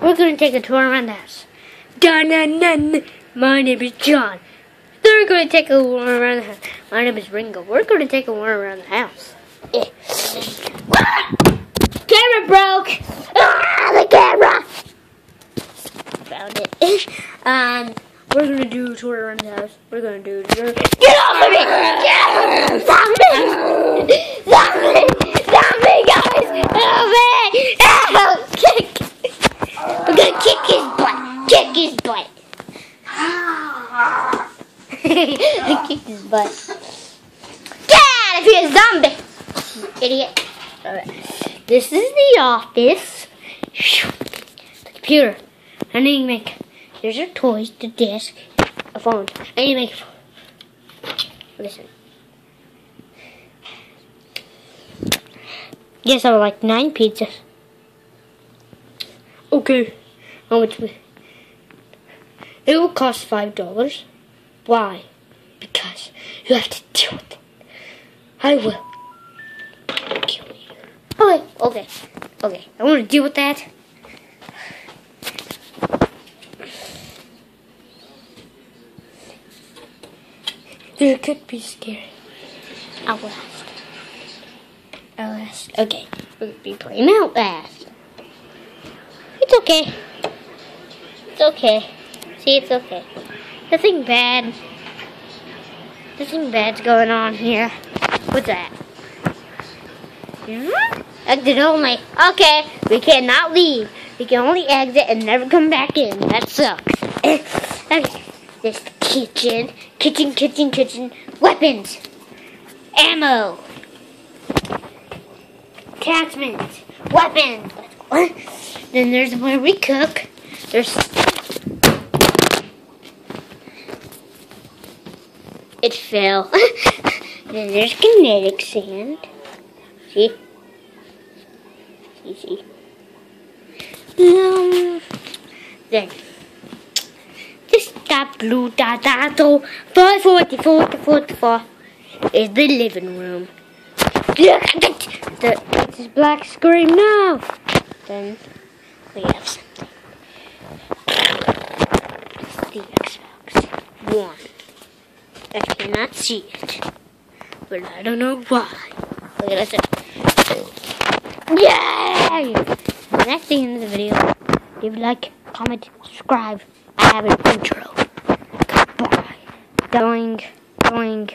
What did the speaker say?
We're going to take a tour around the house. Dun, dun, dun. My name is John. They're going to take a tour around the house. My name is Ringo. We're going to take a tour around the house. camera broke! Ah, the camera! Found it. um, we're going to do a tour around the house. We're going to do a tour. Get off of me! Get off of me! Stop me! Stop me! kick his butt. I kicked his butt. Get out you're a zombie! Idiot. Alright. This is the office. The computer. I need to make. There's your toys, the desk, a phone. I need to make a phone. Listen. Yes, I would like nine pizzas. Okay. How much? It will cost five dollars. Why? Because you have to deal with it. I will. Okay, okay, okay. I want to deal with that. It could be scary. I'll last. I'll last. Okay, we'll be playing out last. It's okay. It's okay. See, it's okay. Nothing bad. Nothing bad's going on here. What's that? Hmm? Exit only. Okay, we cannot leave. We can only exit and never come back in. That sucks. okay, this kitchen, kitchen, kitchen, kitchen. Weapons, ammo, attachments, weapons. Then there's where we cook. There's It fell. Then There's kinetic sand. See? Easy. Um, then, this that blue dot dot 544 to 44 is the living room. Look at it! black screen now! Then, we have something. It's the cannot see it. But I don't know why. Look at this. Yay! That's the end of the video. Leave a like, comment, subscribe. I have an intro. Goodbye. Going, going.